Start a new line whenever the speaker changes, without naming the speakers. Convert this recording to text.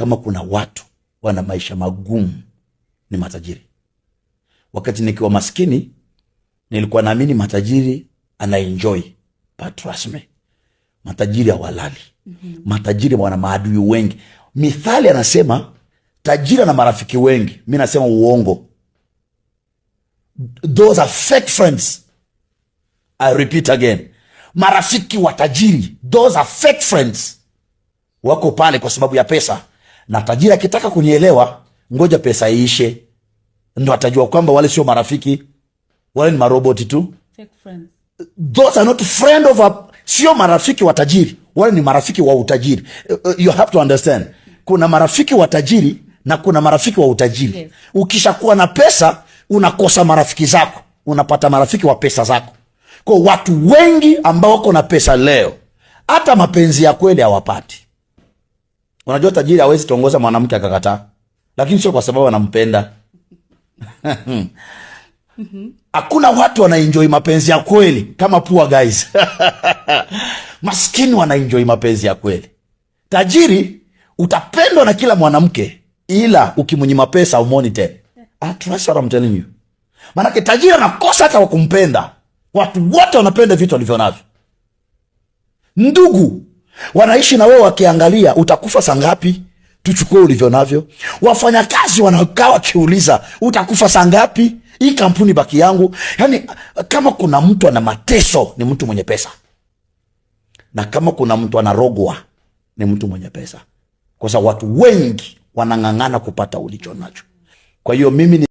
kama kuna watu wana maisha magumu ni matajiri. Wakati nikiwa maskini nilikuwa naamini matajiri anaenjoy, but trust me, matajiri hawalali. mm -hmm. Matajiri wana maadui wengi. Mithali anasema tajiri ana marafiki wengi, mi nasema uongo. Those are fake friends. I repeat again, marafiki wa tajiri, those are fake friends, wako pale kwa sababu ya pesa na tajiri akitaka kunielewa, ngoja pesa iishe, ndo atajua kwamba wale sio marafiki, wale ni maroboti tu. Those are not friend of a, sio marafiki wa tajiri, wale ni marafiki wa utajiri. Eh, eh, you have to understand, kuna marafiki wa tajiri na kuna marafiki wa utajiri. Yes. Ukishakuwa na pesa unakosa marafiki zako, unapata marafiki wa pesa zako. Kwa watu wengi ambao wako na pesa leo, hata mapenzi ya kweli hawapati. Unajua tajiri hawezi tongoza mwanamke akakataa, lakini sio kwa sababu anampenda. Hakuna watu wanaenjoi mapenzi ya kweli kama poor guys. Maskini wanaenjoi mapenzi ya kweli. Tajiri utapendwa na kila mwanamke, ila ukimnyima pesa umoni tena. Ah, trust what I'm telling you. Maanake tajiri anakosa hata kumpenda. Watu wote wanapenda vitu walivyonavyo. Ndugu wanaishi na wewe wakiangalia utakufa saa ngapi, tuchukue ulivyo navyo. Wafanyakazi wanakaa wakiuliza utakufa saa ngapi, hii kampuni baki yangu. Yani kama kuna mtu ana mateso ni mtu mwenye pesa, na kama kuna mtu anarogwa ni mtu mwenye pesa, kwa sababu watu wengi wanang'ang'ana kupata ulicho nacho. Kwa hiyo mimi ni